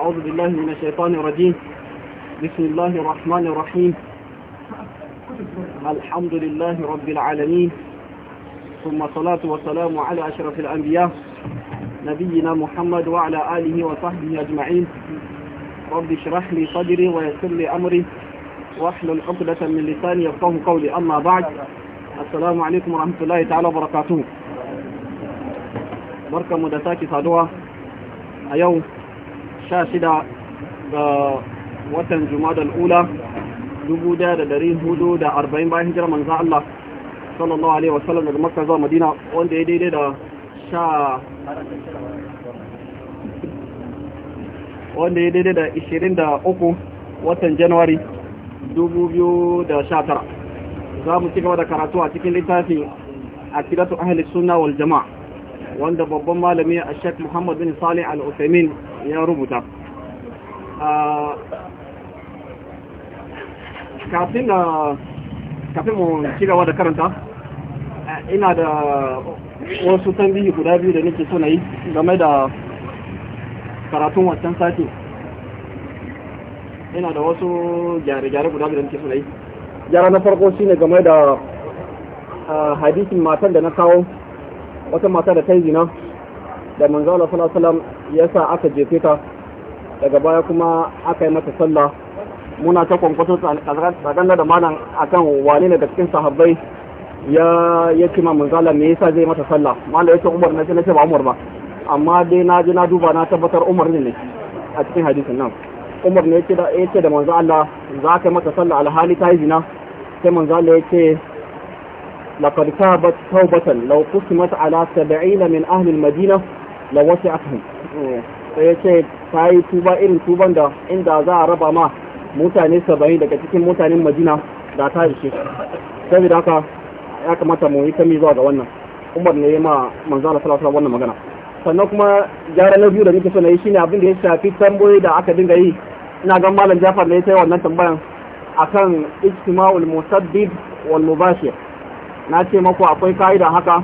أعوذ بالله من الشيطان الرجيم بسم الله الرحمن الرحيم الحمد لله رب العالمين ثم صلاة وسلام على أشرف الأنبياء نبينا محمد وعلى آله وصحبه أجمعين رب اشرح لي صدري ويسر لي أمري واحلل عقدة من لساني يفقه قولي أما بعد السلام عليكم ورحمة الله تعالى وبركاته بركة مدتاك صدوة اليوم sha shida ga watan juma'a ula dubu daya da dari hudu da arba'in bayan hijirar manzan Allah sallallahu alaihi wasallam daga makka zuwa madina wanda ya daidai da sha wanda ya daidai da ishirin da uku watan Januari dubu biyu da sha tara za mu ci gaba da karatu a cikin littafin akidatu ahli sunna wal jama'a wanda babban malami a shek muhammad bin salih al-usaimin ya rubuta kafin mu cigaba da karanta ina da wasu tambihi guda biyu da nake suna yi game da karatun wancan sati ina da wasu gyare-gyare guda biyu da nake suna yi gyara na farko shine game da hadisin matan da na kawo wata mata da ta yi zina da manzo Allah sallallahu alaihi wasallam ya sa aka jefe ta daga baya kuma aka yi mata sallah muna ta kwankwato tsakanin da malam akan wane ne da cikin sahabbai ya ya ce ma manzo Allah me yasa zai mata sallah malam yace Umar ne ce na ce ba Umar ba amma dai na je na duba na tabbatar Umar ne a cikin hadisin nan Umar ne yace da yace da manzo Allah za ka mata sallah alhali ta yi zina sai manzo Allah yace لقد تابت توبة لو قسمت على سبعين من أهل المدينة لوسعتهم فيشهد فهي توبة إن توبة دا إن دا ذا ربا ما mutane saba'in daga cikin mutanen madina da ta ishe saboda haka ya kamata mu yi kami zuwa ga wannan umar ne ma manzo Allah sallallahu wannan magana sannan kuma gyara na biyu da nake so na yi shine abin da ya shafi tamboyi da aka dinga yi ina ga malam Jafar ne ya yi wannan tambayan akan ijtima'ul musaddid wal mubashir na ce maku akwai ka'ida haka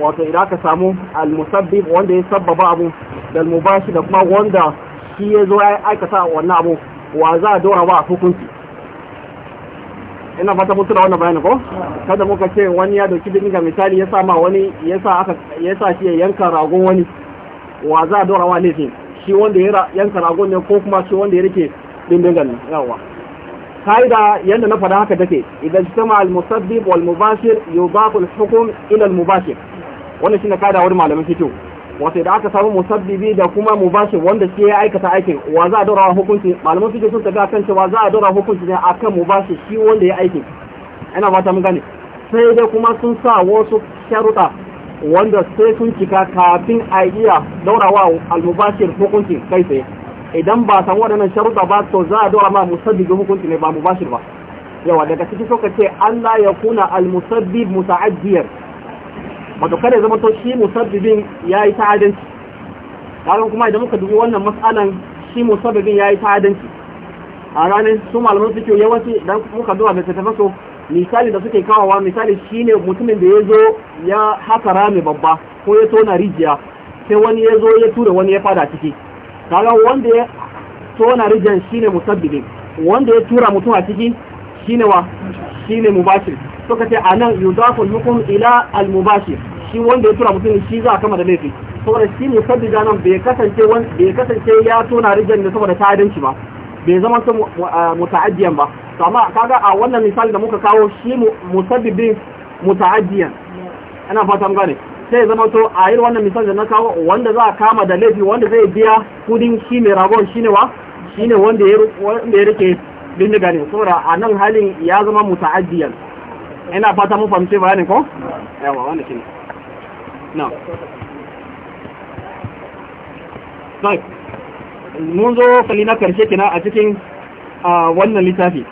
wato idan ka samu al-musabbib wanda ya sabbaba abu dal al-mubashi da kuma wanda shi ya zo ya aikata wannan abu wa za a dora ba a hukunci ina fata mutu da wannan bayani ko kada muka ce wani ya dauki ga misali ya sa ma wani ya sa aka ya sa shi ya yanka ragon wani wa za a dora wa laifin shi wanda ya yanka ragon ne ko kuma shi wanda ya rike dindingan yawa kaida yadda na faɗa haka take idan jitama al-musabbib wal mubashir yudaqu al-hukm ila al-mubashir wannan shine kaida wurin malamin fito wato idan aka samu musabbibi da kuma mubashir wanda shi ya aikata aikin wa za a dora hukunci malamin fito sun tafi akan cewa za a dora hukunci ne akan mubashir shi wanda ya aiki ina fata mun gane sai dai kuma sun sa wasu sharuɗa wanda sai sun cika kafin a iya daurawa al-mubashir hukunci kai tsaye idan ba san waɗannan sharuɗa ba to za a dora ma musabbib hukunci ne ba mu bashir ba yawa daga ciki ka ce Allah ya kuna al-musabbib muta'addiyar wato kada zama to shi musabbibin yayi ta'addanci karan kuma idan muka dubi wannan mas'alan shi musabbibin yayi ta'addanci a ranar su malaman suke yawanci idan muka zuwa da tafi so misali da suke kawowa misali shine mutumin da ya zo ya haka rami babba ko ya tona rijiya sai wani ya zo ya tura wani ya fada ciki kaga wanda ya tona rijiyar shine musabbibin wanda ya tura mutum a ciki shine wa shine mubashir ka ce anan yudafu yukum ila al mubashir shi wanda ya tura mutum shi za a kama da laifi saboda shi musabbida nan bai kasance bai kasance ya tona rijiyar ne saboda adanci ba bai zama su muta'addiyan ba to amma kaga a wannan misali da muka kawo shi musabbibin muta'addiyan ana fatan gane sai zama to a yi wannan misali da na kawo wanda za a kama da laifi wanda zai biya kudin shi mai ragon shi ne wa shi ne wanda ya rike bindiga ne saboda a nan halin ya zama muta'addiyan ina fata mun fahimci bayani ko yawa wanda shi na sai mun zo fali na karshe kina a cikin wannan littafi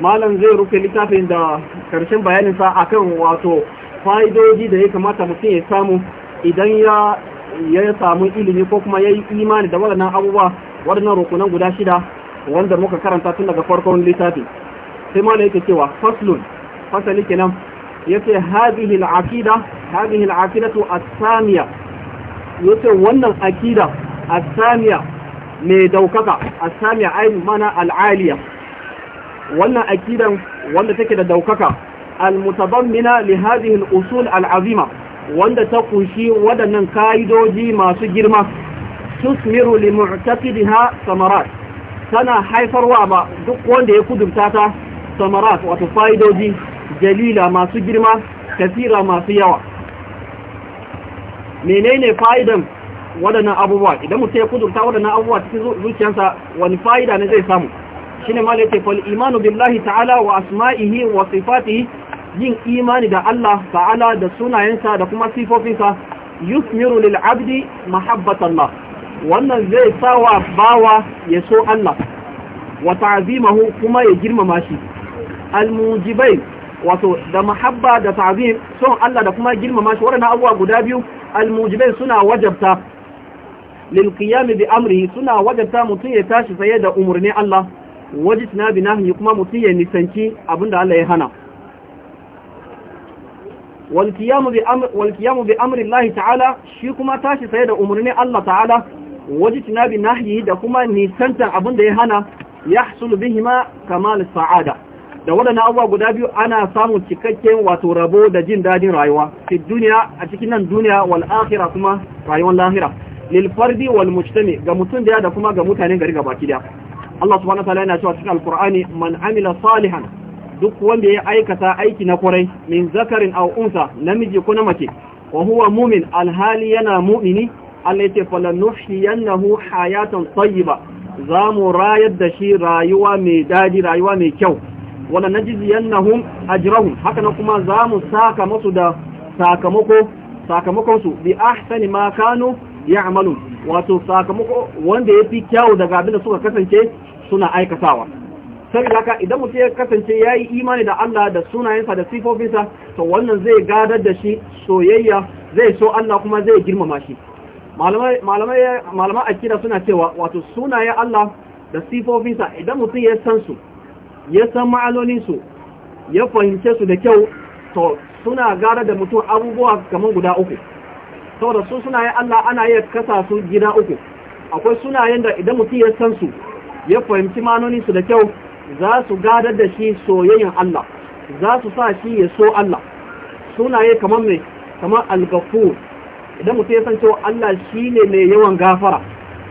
malam zai rufe littafin da karshen bayaninsa akan wato fa'idoji da ya kamata mutum ya samu idan ya samu ilimi ko kuma ya yi imani da waɗannan abubuwa waɗannan rukunan guda shida wanda muka karanta tun daga farkon littafi sai ma da yake cewa faslun fasali kenan yace ce al-aqida hadhihi al samiya yace wannan aqida samiya mai daukaka ai mana al wannan aqidan wanda take da daukaka al-mutadammina li hadhihi usul al-azima wanda ta kunshi wadannan kaidoji masu girma tusmiru li mu'taqidiha samarat tana haifarwa ba duk wanda ya kudurta ta samarat wato faidoji jalila masu girma kasira masu yawa menene fa'idan waɗannan abubuwa idan mutum ya kudurta waɗannan abubuwa cikin zuciyarsa wani fa'ida ne zai samu shine ma da yake imanu billahi ta'ala wa asma'ihi wa sifatihi yin imani da Allah ta'ala da sunayensa da kuma sifofinsa yusmiru lil abdi mahabbatallah wannan zai sawa bawa ya so Allah wa ta'zimahu kuma ya girmama shi almujibai wato da mahabba da ta'zim son Allah da kuma girmama shi waɗannan abubuwa guda biyu almujibai suna wajabta lil qiyam bi amrihi suna wajabta mutum ya tashi tsaye da umurnin Allah wajitna bi nahyi kuma mutum ya nisanci abinda Allah ya hana walkiyamu bi amri Allah ta'ala shi kuma tashi sai da umarni Allah ta'ala waje tinabi nahyi da kuma nisantan abin da ya hana ya bihima kamal sa'ada da waɗannan abubuwa guda biyu ana samun cikakken wato rabo da jin dadin rayuwa fi duniya a cikin nan duniya wal akhirah kuma rayuwar lahira lil fardi wal mujtami ga mutum daya da kuma ga mutanen gari gaba ki da Allah subhanahu wa ta'ala yana cewa cikin alqur'ani man amila salihan duk wanda ya aikata aiki na kwarai min zakarin aw unsa namiji ko na mace wa huwa mu'min alhali yana mu'mini Allah yace hu hayatan tayyiba za mu rayar da shi rayuwa mai daji rayuwa mai kyau wala a ajrahum haka na kuma za mu saka musu da sakamako sakamakon su bi ahsani ma kanu ya'malun wato sakamako wanda yafi kyau daga abin da suka kasance suna aikatawa saboda haka idan mutum ya kasance ya yi imani da Allah da sunayensa da sifofinsa to wannan zai gadar da shi soyayya zai so Allah kuma zai girmama shi a akida suna cewa wato sunaye Allah da sifofinsa idan mutum ya san su ya san ma'alolinsu ya fahimce su da kyau to suna gara da mutum abubuwa kamar guda uku saboda su sunaye Allah ana iya kasa su gida uku akwai sunayen da idan mutum ya san su ya fahimci ma'alolinsu da kyau za su gadar da shi soyayyen Allah za su sa shi ya so Allah sunaye kamar mai kamar al-ghafur idan mutum ya san cewa Allah shi ne mai yawan gafara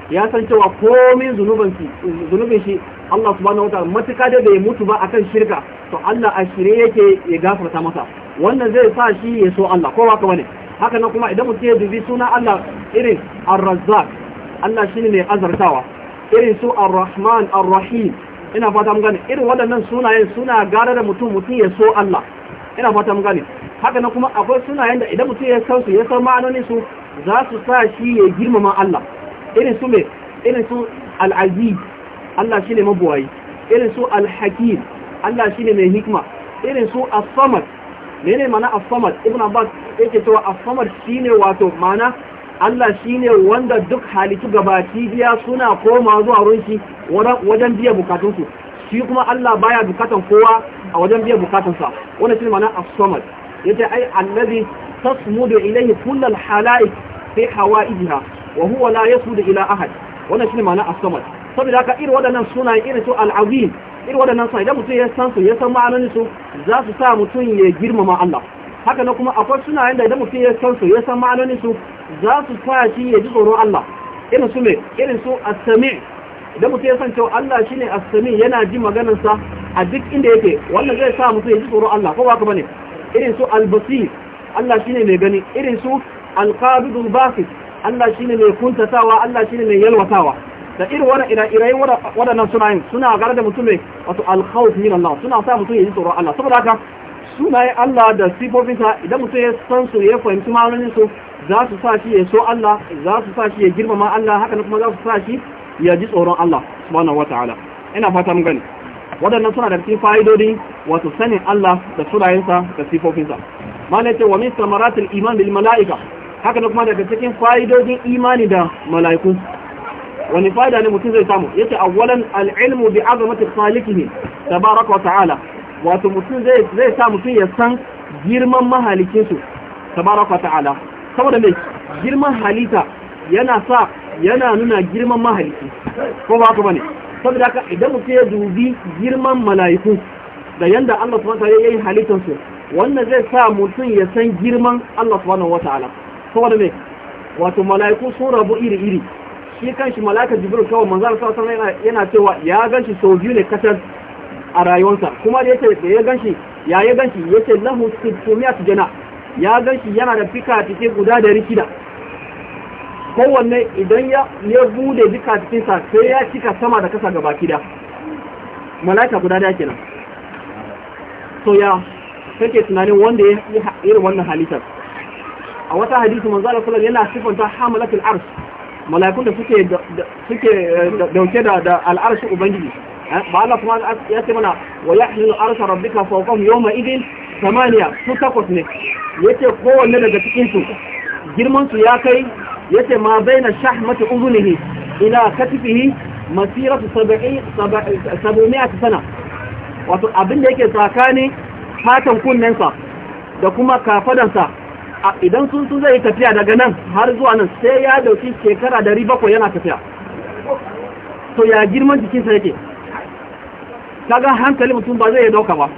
ya san cewa komin zunubin shi Allah subhanahu wata matuka da bai mutu ba akan shirka to Allah a shirye yake ya gafarta masa wannan zai sa shi ya so Allah ko ba ka bane haka nan kuma idan mutum ya dubi suna Allah irin ar-razzaq Allah shine mai azartawa irin su ar-rahman ar-rahim ina fata mun gane irin waɗannan sunayen suna gara da mutum mutum ya so Allah ina fata mun gane haka na kuma akwai sunayen da idan mutum ya san su ya san ma'anonin su za su sa shi ya girmama Allah irin su me irin su al-aziz Allah shine mabuwayi irin su al-hakim Allah shine mai hikma irin su as-samad menene mana as-samad ibn abbas yake cewa as-samad shine wato ma'ana. Allah shi ne wanda duk halittu gabaki biya suna koma zuwa runshi wajen biya bukatunsu shi kuma Allah baya bukatan kowa a wajen biya bukatunsa wannan shine ma'ana as-samad yace ai allazi tasmudu ilayhi kullu al-halaik fi hawaijiha wa huwa la yasmudu ila ahad wannan shine ma'ana as-samad saboda haka irin waɗannan suna irin su al-azim irin waɗannan suna idan mutum ya san su ya san ma'anonin su za su sa mutum ya girmama Allah haka na kuma akwai sunayen da idan mutum ya san su ya san ma'anonin su za su sa shi ya ji tsoron Allah irin su mai irin su asami idan mutum ya san cewa Allah shi ne asami yana ji maganarsa a duk inda yake wannan zai sa mutum ya ji tsoron Allah ko ba ka bane irin su albasir Allah shi ne mai gani irin su alqabidul Basir, Allah shi ne mai kuntatawa Allah shi ne mai yalwatawa da irin wannan irai waɗannan suna yin suna gara da mutum mai wato alkhawf min Allah suna sa mutum ya ji tsoron Allah saboda haka sunayen Allah da sifofinsa idan mutum ya san su ya fahimci ma'anonin su za su sa shi ya so Allah za su sa shi ya girmama Allah haka kuma za su sa shi ya ji tsoron Allah subhanahu wataala ina fatan gani waɗannan suna da cikin fa'idodi wato sanin Allah da sunayensa da sifofinsa malai ce wa min samaratil iman bil mala'ika haka kuma daga cikin fa'idodin imani da mala'iku wani fa'ida ne mutum zai samu yace awwalan al ilmu bi azamati khaliqihi tabaraka wa ta'ala wato mutum zai zai sa mutum ya san girman mahalikinsu tabaraka wa ta'ala saboda mai girman halitta yana sa yana nuna girman mahalici ko ba haka bane saboda haka idan mutum ya dubi girman mala'iku da yanda Allah subhanahu wa ta'ala yayi halittar su wannan zai sa mutum ya san girman Allah subhanahu wa ta'ala saboda mai wato mala'iku sun rabu iri iri shi kanshi mala'ika jibril kawai manzo Allah sallallahu alaihi yana cewa ya ganshi sau biyu ne kasar a rayuwarsa kuma da yake da ya ganshi ya ya ganshi yace lahu su jana ya gan yana da fika cikin guda da rikida kowanne idan ya bude bude cikin cikinsa sai ya cika sama da kasa gaba kida malaka guda da kenan so ya kake tunanin wanda ya yi irin wannan halittar a wata hadisi manzo Allah sallallahu yana sifanta hamalatul arsh mala'ikun da suke suke eh, dauke da al'arshi ubangiji ba eh, Allah kuma ya ce mana wa yahmilu arsha rabbika fawqahum yawma idin samaniya su takwas ne yace kowanne daga cikin su girman su ya kai yace ma baina shahmati uzunihi ila katifihi masiratu 70 700 sana wato abin da yake tsakani fatan kunnensa da kuma kafadansa idan sun sun zai tafiya daga nan har zuwa nan sai ya dauki shekara 700 yana tafiya to ya girman jikinsa yake kaga hankali mutum ba zai dauka ba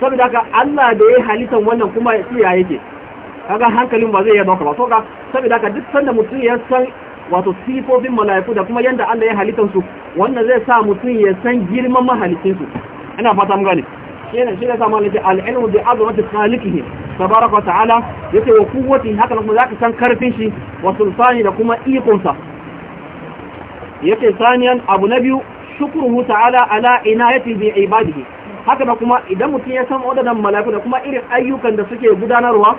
saboda haka Allah da ya halittar wannan kuma ya yake kaga hankalin ba zai dauka ba to ka saboda haka duk sanda mutum ya san wato sifofin malaiku da kuma yanda Allah ya halittar su wannan zai sa mutum ya san girman mahalicin su ina fata mun gane shine shine sa malaiku al-ilmu bi azamati khaliqihi tabaraka wa ta'ala yake wa quwwati haka kuma zaka san karfin shi wa sultani da kuma ikon sa yace saniyan abu na biyu shukruhu ta'ala ala inayati bi ibadihi haka da kuma idan mutum ya san wadannan mala'iku da kuma irin ayyukan da suke gudanarwa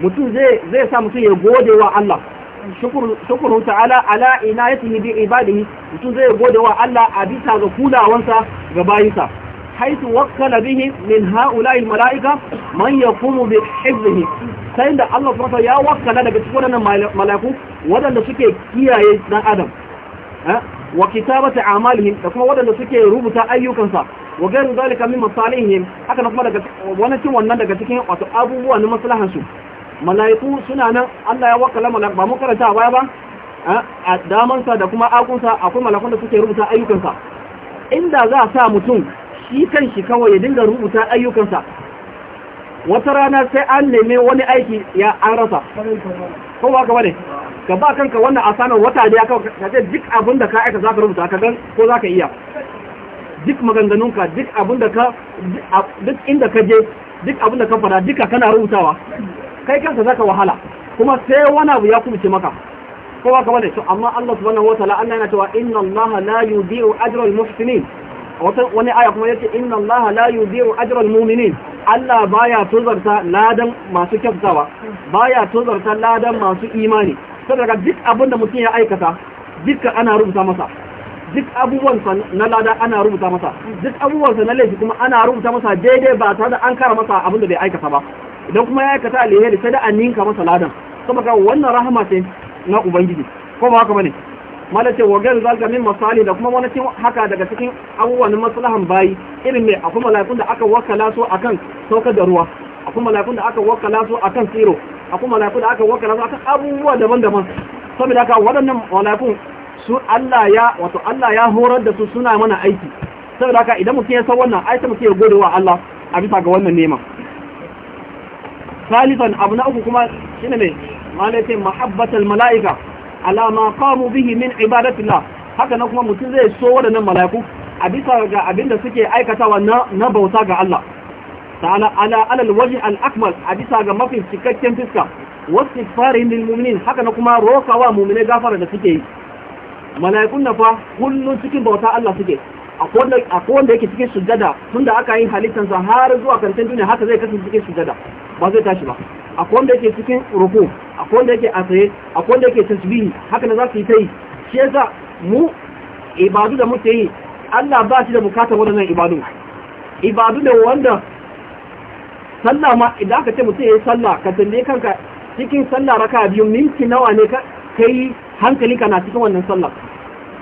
mutum zai zai sa mutum ya gode wa Allah shukruhu ta'ala ala inayati bi ibadihi mutum zai gode wa Allah a bisa ga kulawansa ga bayinsa haitu wakkala bihi min ha'ula'i mala'ika man yaqumu bi hifzihi sai da Allah subhanahu ya wakkala daga cikin wadannan mala'iku wadanda suke kiyaye dan adam eh? wa kitabati a'malihim da kuma wadanda suke rubuta ayyukansa wa gairu zalika min masalihim haka kuma daga wannan cin wannan daga cikin wato abubuwa na maslahan su mala'iku suna nan Allah ya wakala malak ba mu karanta baya ba a daman sa da kuma agunsa akwai malakun da suke rubuta ayyukansa inda za a sa mutum shi kanshi kawai ya dinga rubuta ayyukansa wata rana sai an neme wani aiki ya an rasa ko ba ka bane ka ba kanka wannan asanar wata da ka kace duk abin da ka aika za ka rubuta ka gan ko za ka iya duk maganganunka duk abin da ka duk inda ka je duk abin da ka fada duka kana rubutawa kai kanka ka wahala kuma sai wani abu ya kubuce maka ko ba ka bane to amma Allah subhanahu wataala Allah yana cewa inna Allah la yudhi'u ajra al-muhsinin wani aya kuma yake inna Allah la yudiru ajra muminin Allah baya tozarta ladan masu kyautawa baya tozarta ladan masu imani saboda duk abin da mutum ya aikata dukkan ana rubuta masa duk sa na lada ana rubuta masa duk sa na laifi kuma ana rubuta masa daidai ba tare da an kara masa abin da bai aikata ba idan kuma ya aikata alheri sai da an ninka masa ladan saboda wannan rahama ce na ubangiji ko ba haka bane malace wa gan zalika min masali da kuma wani haka daga cikin abubuwan maslahan bayi irin mai akwai mala'ikun da aka wakala su akan saukar da ruwa akwai mala'ikun da aka wakala su akan tsiro akwai mala'ikun da aka wakala su akan abubuwa daban-daban saboda haka waɗannan mala'ikun su Allah ya wato Allah ya horar da su suna mana aiki saboda haka idan mutum ya san wannan ai sai mutum ya gode wa Allah a bisa ga wannan neman salisan abu na uku kuma shine ne malace mahabbatul mala'ika alama qamu bihi min ibadatillah haka nan kuma mutum zai so waɗannan mala'iku a bisa ga abinda suke aikatawa na na bauta ga Allah ta'ala ala alal wajhi al akmal a bisa ga mafi cikakken fiska wasu farin lil mu'minin haka na kuma rokawa mu'mine gafara da suke yi mala'ikun na fa kullun cikin bauta Allah suke akwai wanda yake cikin sujada tunda aka yi halittansa har zuwa kantin duniya haka zai kasance cikin sujada ba zai tashi ba akwai wanda yake cikin ruku akwai wanda yake asaye akwai wanda yake tasbihi haka ne za su yi ta yi shi yasa mu ibadu da muke yi Allah ba shi da bukatar wannan ibadu ibadu ne wanda sallah ma idan aka ce mutum ya sallah ka tambaye kanka cikin sallah raka biyu minti nawa ne ka kai hankalinka na cikin wannan sallah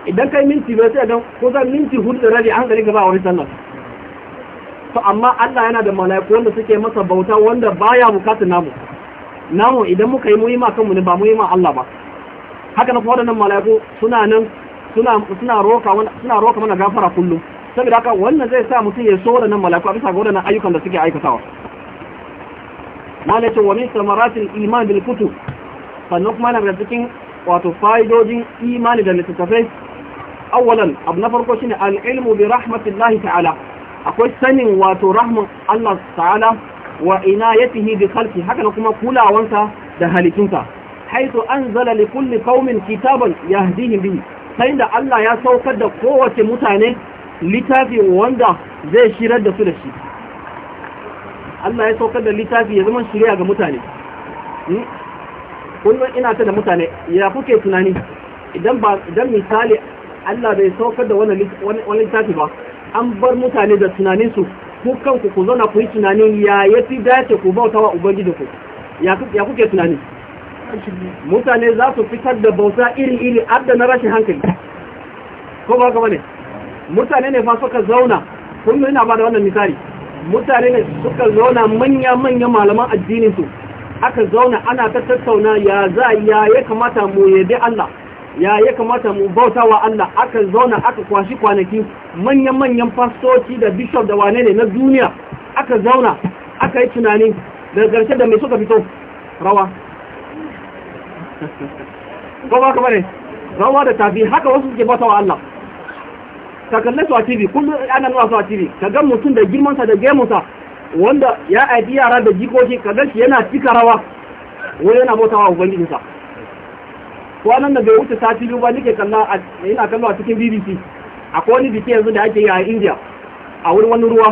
idan kai minti bai sai ga ko za minti hudu da rabi ka ba wani sallah to amma Allah yana da mala'iku wanda suke masa bauta wanda baya bukatun namu namu idan muka yi muhimma kanmu ne ba muhimma Allah ba haka na waɗannan mala'iku suna nan suna suna roka suna roka mana gafara kullum saboda haka wannan zai sa mutum ya so nan mala'iku a bisa ga waɗannan ayyukan da suke aikatawa malace wa min samaratil iman bil kutub sannan kuma da cikin wato fa'idojin imani da littattafai awwalan abu na farko shine al ilmu bi rahmatillahi ta'ala akwai sanin wato rahman Allah ta'ala wa inayatihi bi khalqi haka kuma kulawansa da halitunsa haitu anzala li kulli qaumin kitaban yahdihim bihi sai da Allah ya saukar da kowace mutane litafi wanda zai shirar da su da shi Allah ya saukar da littafi ya zama shirya ga mutane hmm? kullum ina ta da mutane ya kuke tunani idan ba idan misali Allah bai saukar da wani littafi ba an bar mutane da tunaninsu ku kanku ku zauna ku yi tunanin ya ya fi dace ku bauta wa ku. ya kuke tunani mutane za su fitar da bauta iri-iri har da na rashin hankali ko ba gaba ne mutane ne fa suka zauna kun yi ba da wannan misali mutane ne suka zauna manya-manya malaman addinin su aka zauna ana ta tattauna ya za ya ya kamata mu yabi Allah ya ya kamata mu bauta wa Allah aka zauna aka kwashi kwanaki manyan-manyan fastoci da bishop da wane ne na duniya aka zauna aka yi tunani daga ƙarshe da mai suka fito rawa ko ba kamar ne rawa da tafi haka wasu suke bauta wa Allah ka kalle su a TV kullum ana nuna su a TV ka ga mutum da girmansa da gemunsa wanda ya aiki yara da jikoki ka ga shi yana cika rawa wani yana bauta wa ubangijinsa kwanan da bai wuce sati biyu ba nake kalla ina kallo a cikin BBC akwai wani biki yanzu da ake yi a India a wurin wani ruwa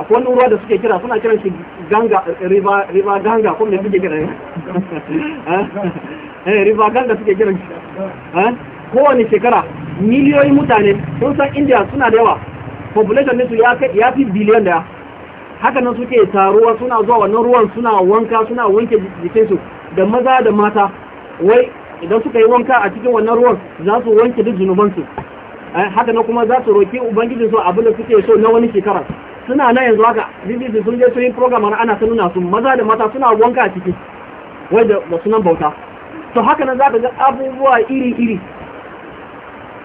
akwai wani ruwa da suke kira suna kiran shi ganga riba ganga ko me suke kira eh, eh River ganga suke kiran shi eh kowane shekara miliyoyin mutane sun san India suna da yawa population ne su ya fi biliyan daya haka nan suke taruwa suna zuwa wannan ruwan suna wanka suna wanke jikinsu da maza da mata wai idan suka yi wanka a cikin wannan ruwan za su wanke duk zunubansu eh, haka na kuma za su roƙi ubangiji su abin da suke so na wani shekara suna na yanzu haka bbc sun je sun yi program ana sanuna nuna su maza da mata suna wanka a ciki wai da sunan bauta to haka na za ka ga abubuwa iri-iri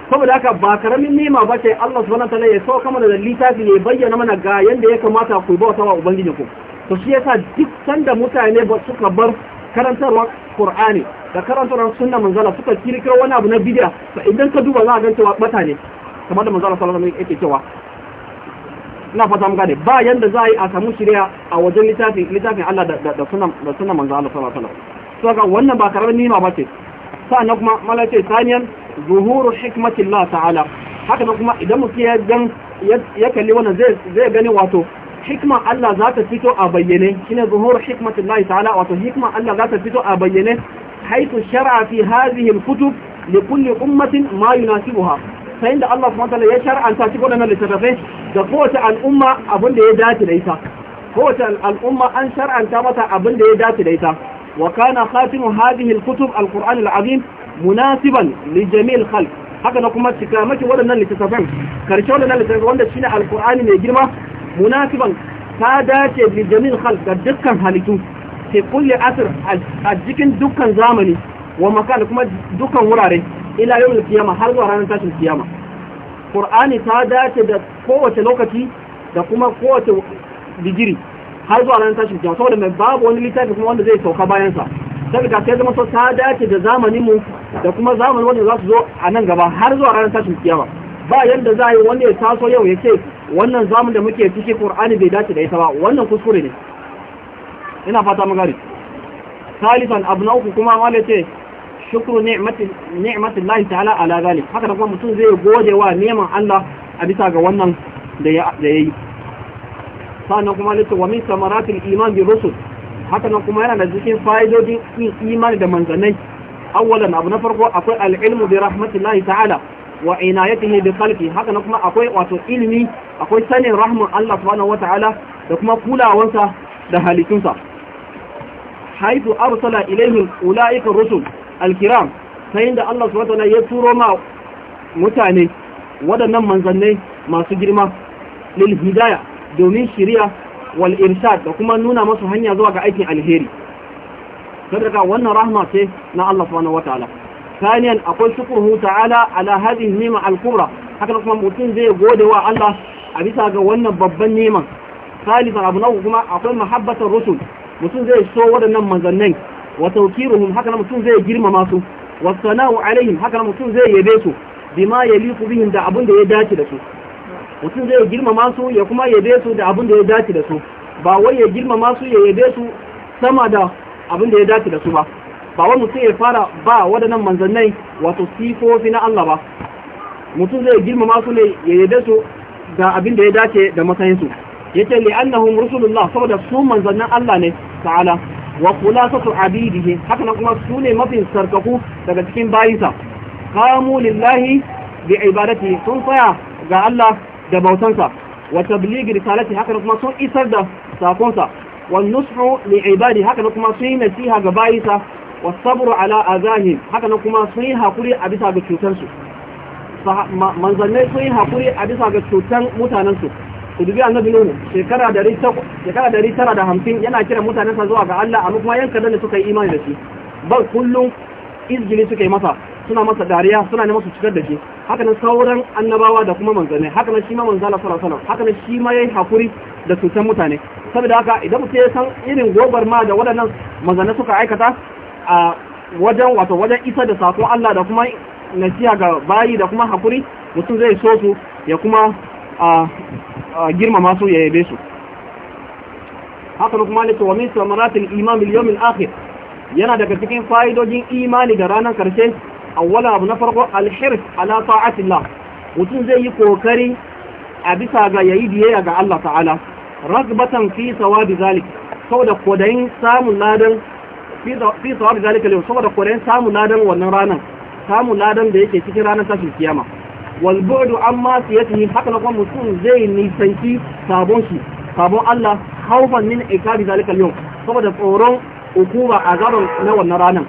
saboda haka ba karamin nema ba ce Allah wani wataala ya so kama da littafi ya bayyana mana ga yadda ya kamata ku bauta wa ubangiji ku to shi yasa duk sanda mutane ba suka bar karantarwa Qur'ani da karantar sunna manzala suka kirkiro wani abu na bid'a fa idan ka duba za a gan cewa bata ne kamar da manzala sallallahu alaihi wasallam yake cewa ina fata mun gane ba yanda za a yi a samu shirya a wajen littafin littafin Allah da sunan da sunan manzo Allah sallallahu alaihi wasallam saka wannan ba karar nima bace sannan kuma malaka saniyan zuhuru hikmatillah ta'ala haka kuma idan mutum ya gan ya kalli wannan zai zai gani wato hikma Allah za ta fito a bayyane shine zuhuru hikmatullahi ta'ala wato hikma Allah za ta fito a bayyane حيث شرع في هذه الكتب لكل أمة ما يناسبها فإن الله سبحانه وتعالى يشرع أن تكون من لتتفه دقوة الأمة أبن دي ذات ليس قوة الأمة أن شرع أن تمت أبن دي ذات ليس وكان خاتم هذه الكتب القرآن العظيم مناسبا لجميع الخلق haka na kuma cika maki waɗannan littattafan karshe waɗannan littattafan wanda shine alkur'ani mai girma munasiban ta dace bi jamil khalq ga dukkan halittu fi kulli asr a cikin dukkan zamani wa makan kuma dukkan wurare ila yawmil qiyama har zuwa ranar tashin kiyama qur'ani ta dace da kowace lokaci da kuma kowace digiri har zuwa ranar tashin kiyama saboda mai babu wani littafi kuma wanda zai sauka bayan sa saboda sai zama so ta dace da zamanin mu da kuma zamanin wanda za su zo a nan gaba har zuwa ranar tashin kiyama ba yanda za a yi wanda ya taso yau ya ce wannan zamanin da muke ciki qur'ani bai dace da ita ba wannan kuskure ne ina fata mu salisan abu na uku kuma mala ce shukru ni'matin lahi ta'ala ala gani haka da kuma mutum zai gode wa neman Allah a bisa ga wannan da ya yi sannan kuma lissa wa min samaratul iman bi rusul haka nan kuma yana da cikin fa'idodin imani da manzannai awwalan abu na farko akwai al-ilmu bi rahmatillahi ta'ala wa inayatihi bi khalqi haka nan kuma akwai wato ilimi akwai sanin rahman Allah subhanahu wata'ala da kuma kulawansa da halittunsa haitu arsala ilaihim ulaika rusul alkiram ta da Allah subhanahu wataala ya turo ma mutane waɗannan manzannai masu girma lil domin shiriya wal irshad da kuma nuna masu hanya zuwa ga aikin alheri sadaka wannan rahma ce na Allah subhanahu wataala ثانيا أقول شكره تعالى Ala هذه النعمة الكبرى haka kuma mutum zai gode wa Allah a bisa ga wannan babban neman salisan abu na kuma akwai mahabbatar rusul mutum zai so waɗannan manzannin wa tawkiruhum haka nan mutum zai girma masu. wa sana'u alaihim haka nan mutum zai yabe su bima yaliqu bihim da abin ya dace da su mutum zai girma su ya kuma yabe su da abin ya dace da su ba wai ya girma su ya yabe su sama da abin ya dace da su ba ba wani mutum ya fara ba waɗannan manzannai wato sifofi na Allah ba mutum zai girma su ne ya yabe su da abin ya dace da matsayinsu yace li annahum rusulullah saboda su manzannin Allah ne ta'ala wa khulasatu abidihi haka nan kuma su ne mafin sarkaku daga cikin bayinsa qamu lillahi bi ibadati sun tsaya ga Allah da bautansa wa tablighi risalati haka nan kuma sun isar da sakonsa wa nushu li ibadi haka nan kuma sun yi nasiha ga bayinsa wa sabru ala azahim haka nan kuma sun yi hakuri a bisa ga cutansu manzannai sun yi hakuri a bisa ga cutan mutanensu ku an annabi nuhu shekara dari tara da hamsin yana kira mutanensa zuwa ga Allah amma kuma yan da suka yi imani da shi ba kullum izgili suka yi masa suna masa dariya suna ne masu cikar da shi haka sauran annabawa da kuma manzane haka nan shi ma manzana sallallahu alaihi haka nan shi ma yayi hakuri da cutar mutane saboda haka idan mutum ya san irin gobar ma da waɗannan manzane suka aikata a wajen wato wajen isa da sakon Allah da kuma nasiha ga bayi da kuma hakuri mutum zai so su ya kuma a girmama su ya yabe su haka kuma ne wa min samaratil iman bil yawmil akhir yana daga cikin fa'idojin imani da ranar karshe awwala abu na farko al-hirs ala ta'atillah mutum zai yi kokari a bisa ga yayi biyayya ga Allah ta'ala ragbatan fi sawabi zalik saboda kodayin samun ladan fi sawabi saboda kodayin samun ladan wannan ranar samun ladan da yake cikin ranar tashin kiyama an bu'du amma siyatihi haka na kuma mutum zai nisanci sabon shi sabon Allah haufan min ikari zalika yau saboda tsoron hukuma a gaban na wannan ranar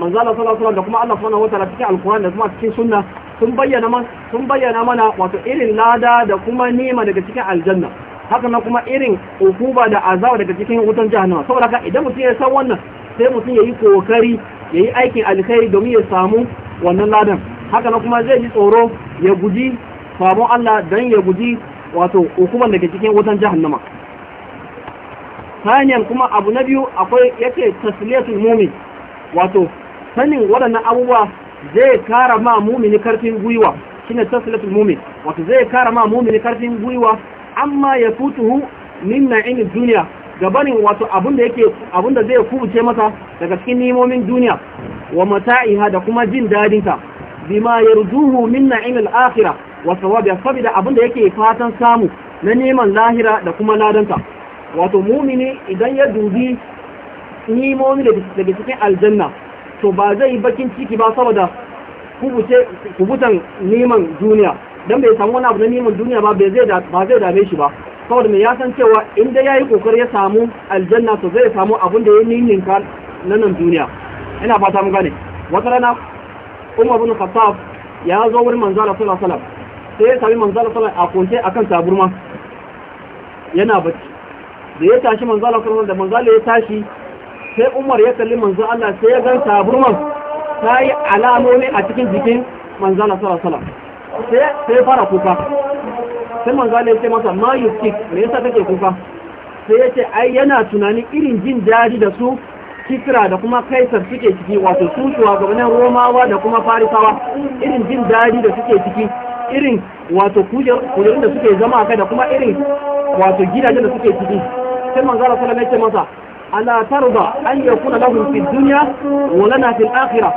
manzo Allah sallallahu alaihi da kuma Allah subhanahu wataala cikin alkur'ani da kuma cikin sunna sun bayyana mana sun bayyana mana wato irin lada da kuma nima daga cikin aljanna haka na kuma irin hukuma da azaba daga cikin wutan jahannama saboda haka idan mutum ya san wannan sai mutum ya yi kokari ya yi aikin alkhairi domin ya samu wannan ladan haka na kuma zai ji tsoro ya guji sabon Allah dan ya guji wato hukumar da ke cikin wutan jahannama hanyar kuma abu na biyu akwai yake tasliyatul mumin wato sanin waɗannan abubuwa zai kara ma mumini karfin gwiwa shine tasliyatul mumin wato zai kara ma mumini karfin gwiwa amma ya futuhu min na'in duniya gabanin wato abun da yake abun da zai kubuce masa daga cikin nimomin duniya wa mata'iha da kuma jin dadinta bima yarjuhu min na'im al-akhirah wa saboda abinda yake fatan samu na neman lahira da kuma ladanta wato mumini idan ya dubi nimomi daga cikin aljanna to ba zai bakin ciki ba saboda kubutan neman duniya dan bai samu wani abu na neman duniya ba ba zai dame shi ba saboda mai ya san cewa inda ya yi kokari ya samu aljanna to zai samu abin da ya ninninka na nan duniya ina fata mun gane wata umar bin khattab ya zo wurin manzo Allah sallallahu alaihi wasallam sai ya sami manzo Allah sallallahu alaihi wasallam a kunce akan taburma yana bacci da ya tashi manzo Allah sallallahu alaihi wasallam da manzo ya tashi sai umar ya kalli manzo Allah sai ya ga taburman ta yi alamomi a cikin jikin manzo Allah sallallahu alaihi wasallam sai sai fara kuka sai manzo Allah ya ce masa ma yuki me yasa kake kuka sai ya ce ai yana tunanin irin jin daji da su Kitra da kuma kaisar suke ciki wato su shugabannin romawa da kuma farisawa irin jin daɗi da suke ciki irin wato kujerun da suke zama kai da kuma irin wato gidajen da suke ciki sai manzara sallallahu alaihi masa ala tarda an yakuna lahum fi dunya wa lana fil akhirah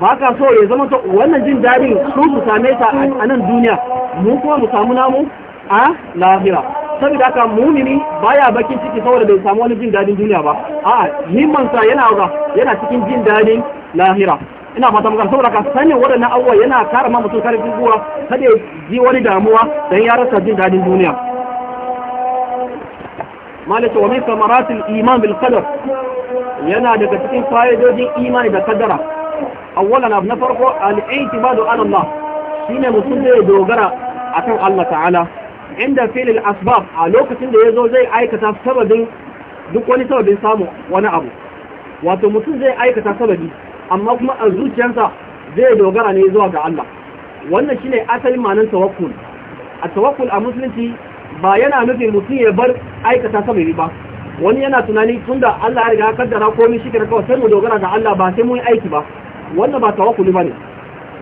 ba ka so ya zama to wannan jin daɗin su su same ta a nan duniya mu kuma mu samu namu a lahira saboda haka mumini baya bakin ciki saboda bai samu wani jin dadin duniya ba a'a himmansa yana ga yana cikin jin dadin lahira ina fata muka saboda ka sanin waɗannan abubuwa yana kara ma mutum kare guguwa kada ya ji wani damuwa dan ya rasa jin dadin duniya malaka wa min samaratil iman bil qadar yana daga cikin fa'idojin imani da kaddara awwalan abu na farko al-i'tibadu ala Allah shine mutum zai dogara akan Allah ta'ala inda filin asbab a lokacin da ya zo zai aikata sababin duk wani sababin samu wani abu wato mutum zai aikata sababi amma kuma a zuciyarsa zai dogara ne zuwa ga Allah wannan shine asalin ma'anar tawakkul a tawakkul a musulunci ba yana nufin mutum ya bar aikata sababi ba wani yana tunani tunda Allah ya riga ya kaddara komai shi kira kawai sai mu dogara ga Allah ba sai mu yi aiki ba wannan ba tawakkuli bane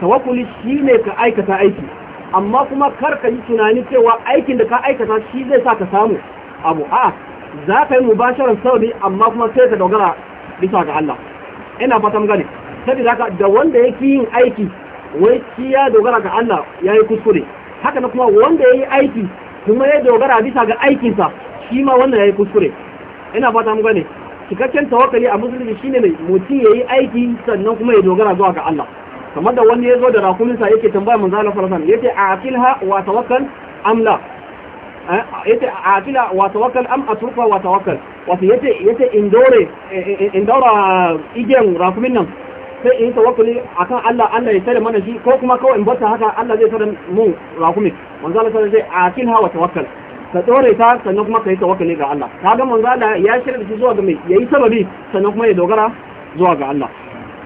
tawakkuli shine ka aikata aiki amma kuma kar ka yi tunani cewa aikin da ka aikata shi zai sa ka samu abu a za ka yi mubasharar sauri amma kuma sai ka dogara bisa ga Allah ina fatan gani gane sai da wanda yake yin aiki wai shi ya dogara ga Allah ya kuskure haka na kuma wanda yayi aiki kuma ya dogara bisa ga aikinsa shi ma wannan yayi yi kuskure ina fata mu gane cikakken tawakali a musulmi shine mai mutum ya yi aiki sannan kuma ya dogara zuwa ga Allah kamar da wani ya zo da rakuninsa yake tambaya manzo Allah sallallahu alaihi wasallam yace akilha wa tawakkal am la eh, yace a'qila wa tawakkal am atruka wa tawakkal Wasu yace yace in dore in dora igiyan rakumin nan sai in a akan Allah Allah ya tare mana shi ko kuma kawai in bata haka Allah zai tare mu rakumin manzo Allah sallallahu alaihi wasallam akilha wa tawakkal ka tsore ta sannan kuma ka yi tawakkali ga Allah ga manzo Allah ya shirya shi zuwa ga mai yayi sababi sannan kuma ya dogara zuwa ga Allah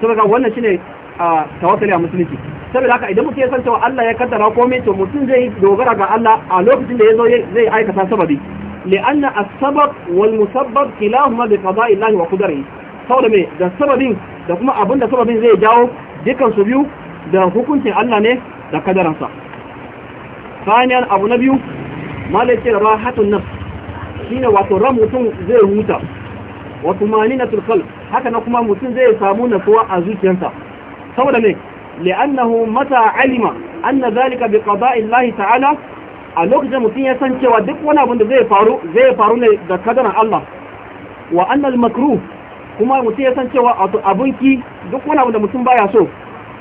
saboda wannan shine a tawakkali a musulunci saboda haka idan mutum ya san cewa Allah ya kaddara komai to mutum zai dogara ga Allah a lokacin da ya zo zai aikata sababi li'anna as-sabab wal musabbab kilahuma bi qada'i Allah wa qadarihi saboda me da sababin da kuma abin da sababin zai jawo dukkan su biyu da hukuncin Allah ne da kadaransa sanyan abu na biyu malai ce rahatun nafs shine wato ran mutum zai huta wa na qalb haka na kuma mutum zai samu natsuwa a zuciyarsa saboda me li'annahu mata alima anna zalika bi qada'illahi ta'ala a lokacin mutum ya san cewa duk wani abin da zai faru zai faru ne da kadarin Allah wa al makruh kuma mutum ya san cewa abinki duk wani abu da mutum baya so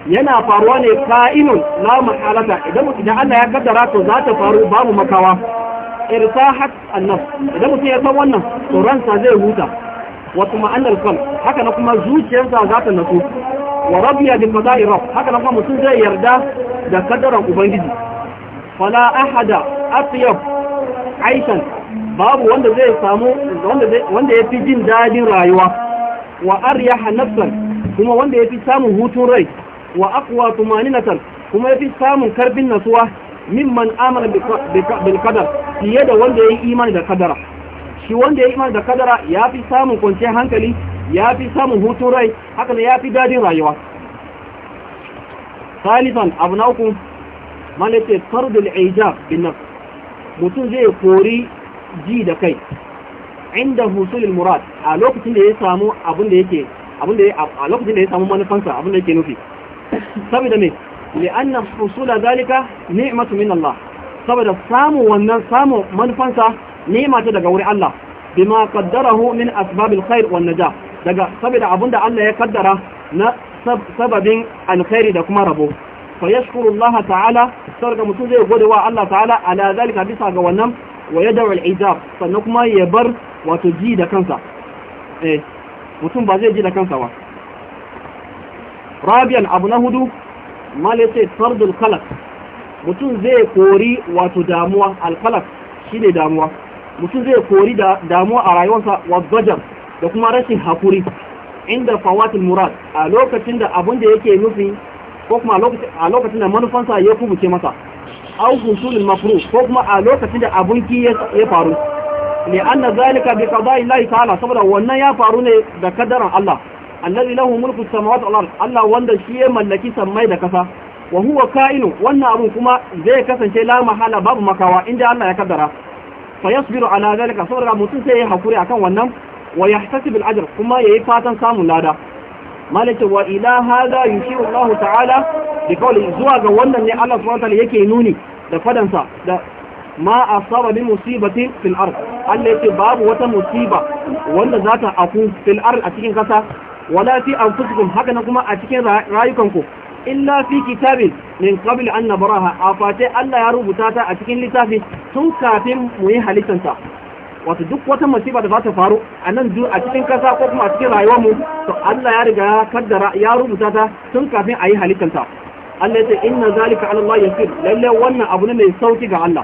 yana faruwa ne ka'inun la mahalata idan mutum da Allah ya kaddara to za ta faru babu makawa irsahat annaf idan mutum ya san wannan to ransa zai huta wa kuma annal qalb haka na kuma zuciyarsa za ta nasu wa rabiya bi qada'i rabb haka nan kuma mutum zai yarda da kadaran ubangiji fala ahada atyab aishan babu wanda zai samu wanda ya fi jin dadin rayuwa wa aryaha nafsan kuma wanda ya samun hutun rai wa aqwa tumaninatan kuma ya fi samun karbin nasuwa mimman amana bil qadar fiye da wanda ya imani da kadara shi wanda ya imani da kadara ya fi samun kwanciyar hankali ya fi samun hutun rai haka ya fi dadin rayuwa salifan abu na uku malaita tardul ijab bin mutum zai kori ji da kai inda husulul murad a lokacin da ya samu abin da yake abin da a lokacin da ya samu manufansa abin da yake nufi saboda me li'anna husula zalika ni'matu min Allah saboda samu wannan samu manufansa ni'ma ta daga wurin Allah bima qaddarahu min asbabil khair wan najah daga saboda abinda Allah ya kaddara na sababin alkhairi da kuma rabo fa yashkuru Allah ta'ala sarga mutum zai gode wa Allah ta'ala ala zalika bisa ga wannan wa yad'u al-ijab sannan kuma ya bar wato ji da kansa eh mutum ba zai ji da kansa ba rabian abu na hudu malaita fardul kalak mutum zai kori wato damuwa alkalak shine damuwa mutum zai kori da damuwa a rayuwarsa wadzajar da kuma rashin hakuri inda fawatin murad a lokacin da abun da yake nufi ko kuma a lokacin da manufansa ya kubuce masa au husulul Mafuru, ko kuma a lokacin da abun ki ya faru li anna zalika bi qada'i Allah ta'ala saboda wannan ya faru ne da kadaran Allah allazi lahu mulku samawati wal Allah wanda shi ya mallaki sammai da kasa wa huwa ka'inu wannan abun kuma zai kasance la mahala babu makawa inda Allah ya kaddara fa yasbiru ala zalika saboda mutum sai ya hakuri akan wannan wa yahtasib al kuma kuma yi fatan samun lada malaka wa ila hada yushiru Allah ta'ala bi zuwa ga wannan ne Allah subhanahu ta'ala yake nuni da fadansa da ma asaba sababin musibatin fil ard Allah yake babu wata musiba wanda za ta aku fil ard a cikin kasa wala fi anfusikum haka na kuma a cikin rayukanku illa fi kitabin min qabl an nabaraha afate Allah ya rubuta ta a cikin littafi tun kafin mu yi halittanta wato duk wata masifa da za ta faru a nan duk a cikin kasa ko kuma a cikin rayuwar mu to Allah ya riga ya kaddara ya rubuta ta tun kafin a yi ta Allah ya ce inna zalika ala Allah yasir lalle wannan abu ne mai sauki ga Allah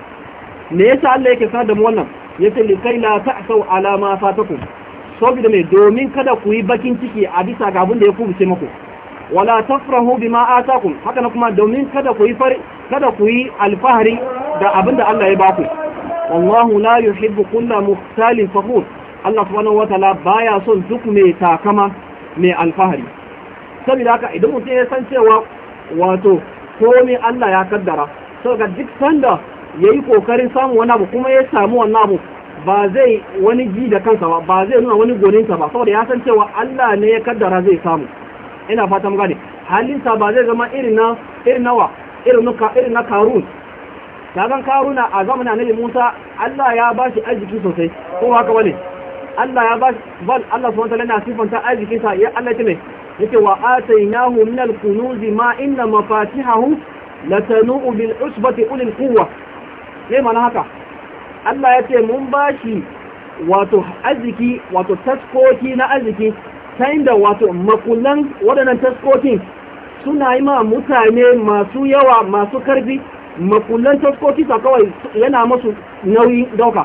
me yasa Allah yake sanar da mu wannan yace li kai la ta'sau ala ma fatakum saboda mai domin kada ku yi bakin ciki a bisa ga abin da ya kubuce muku wala tafrahu bima atakum haka kuma domin kada ku yi kada ku yi alfahari da abin da Allah ya baku wallahu la yuhibbu kulla muhtalin fakhur Allah subhanahu wataala baya son duk mai takama mai alfahari saboda haka idan mutum ya san cewa wato komai Allah ya kaddara ga duk sanda yayi kokarin samu wani abu kuma ya samu wani abu ba zai wani ji da kansa ba ba zai nuna wani goninsa ba saboda ya san cewa Allah ne ya kaddara zai samu ina fatan gane halinsa ba zai zama irin na nawa irin na karun kagan karuna a zamanin annabi Musa Allah ya ba shi arziki sosai ko haka bane Allah ya ba shi bal Allah subhanahu wataala yana sifanta arzikin sa ya Allah tune yake wa atainahu min al-kunuz ma inna mafatihahu latanu'u bil usbati ulil quwwa ne mana haka Allah ya ce mun ba shi wato arziki wato taskoki na arziki ta da wato makullan waɗannan taskokin suna yi ma mutane masu yawa masu karfi makullan taskoki sa kawai yana masu nauyin dauka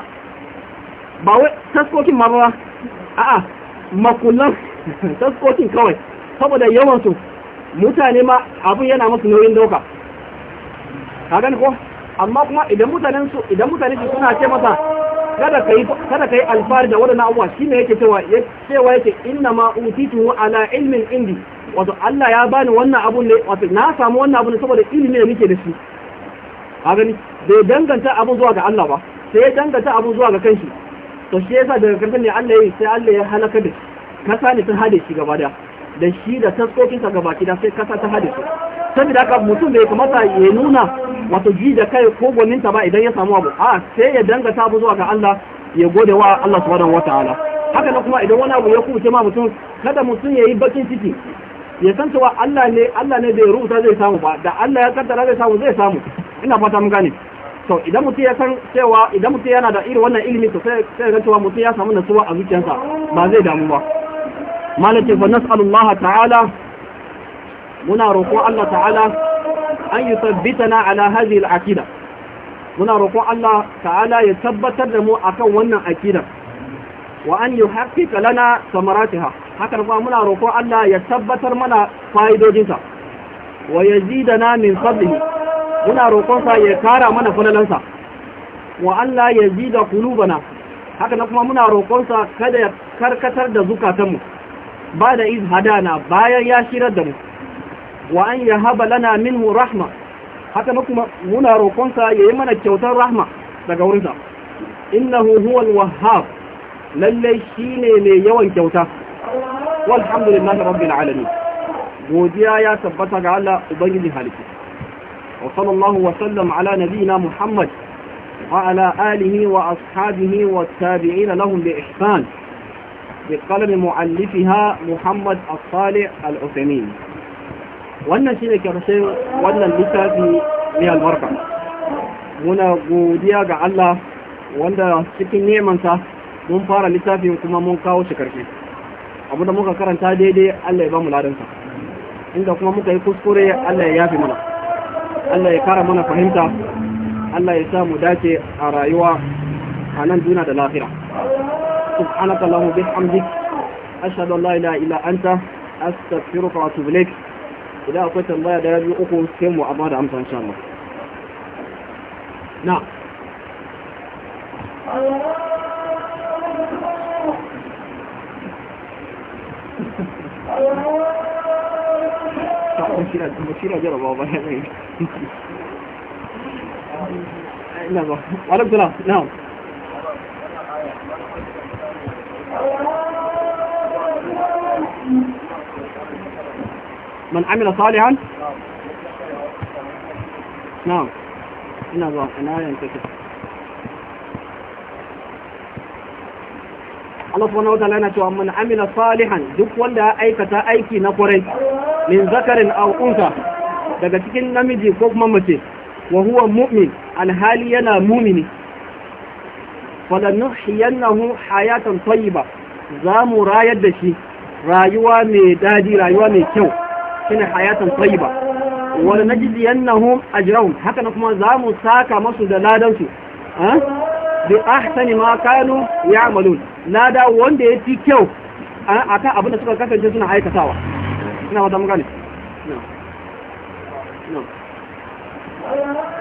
ba wai taskokin ma ba a'a makullan taskokin kawai saboda yawansu mutane ma abin yana masu nauyin dauka ka gani ko amma kuma idan mutanen su idan mutane su suna ce masa kada kai kada kai alfari da wadannan abuwa shine yake cewa cewa yake inna ma utitu ala ilmin indi wato Allah ya bani wannan abun ne wato na samu wannan abun saboda ilimi da muke da shi a gani bai danganta abin zuwa ga Allah ba sai ya danganta abin zuwa ga kanshi to shi yasa daga karshen ne Allah ya sai Allah ya halaka da kasa ne ta hade shi gaba da da shi da taskokin sa gaba kida sai kasa ta hade shi saboda haka mutum bai kamata ya nuna wato ji da kai ko gwaninta ba idan ya samu abu a sai ya danganta abin zuwa ga Allah ya gode wa Allah subhanahu wataala haka na kuma idan wani abu ya kuce ma mutum kada mutum ya yi bakin ciki ya san cewa Allah ne Allah ne bai rubuta zai samu ba da Allah ya kaddara zai samu zai samu ina fata mun gane to idan mutum ya san cewa idan mutum yana da irin wannan ilimi to sai sai ga cewa mutum ya samu nasuwa a zuciyarsa ba zai damu ba malaka fa nas'alullaha ta'ala muna roƙo Allah ta'ala an yuthabbitana ala hadhihi al-aqida muna roƙo Allah ta'ala ya tabbatar da mu akan wannan aqida wa an yuhaqqiqa lana samaratiha haka kuma muna roƙo Allah ya tabbatar mana fa'idojinta wa yazidana min fadlihi muna roƙonsa ya kara mana falalansa wa Allah ya zi da kulubana haka na kuma muna roƙonsa kada ya karkatar da zukatanmu ba da iz hadana bayan ya shirar da mu wa an ya haba lana minhu rahma haka na kuma muna roƙonsa ya yi mana kyautar rahma daga wurinsa innahu huwal wahhab lallai shine mai yawan kyauta walhamdulillahi rabbil alamin godiya ya tabbata ga Allah ubangiji halitta وصلى الله وسلم على نبينا محمد وعلى آله وأصحابه والتابعين لهم بإحسان بقلم معلفها محمد الصالح العثيمين wannan shine karshen wannan littafi ne albarka muna godiya ga Allah wanda cikin nemansa mun fara littafin kuma mun kawo shi karshe abu da muka karanta daidai Allah ya ba mu ladansa inda kuma muka yi kuskure Allah ya yafe mana Allah ya kara mana fahimta Allah ya sa mu dace a rayuwa a nan duniya da lafiya subhanakallahu bihamdik ashhadu an la ilaha illa anta astaghfiruka wa atubu idan akwai tambaya da uku sai mu amma da amsa insha Allah na Allah نعم. نعم. نعم. من عمل صالحا نعم انا انا انت الله سبحانه وتعالى من عمل صالحا دوك وندا ايكتا ايكي نقرن min zakarin aw daga cikin namiji ko kuma mace wa huwa mu'min alhali yana mumini hu hayatan tayyiba za mu rayar da shi rayuwa mai daɗi rayuwa mai kyau shine hayatan tayyiba wala najziyannahum ajrahum haka na kuma za mu saka masu da ladan su bi ahsani ma kanu ya'malun lada wanda yafi kyau akan abin da suka kasance suna aikatawa نعم هذا مغالب نعم نعم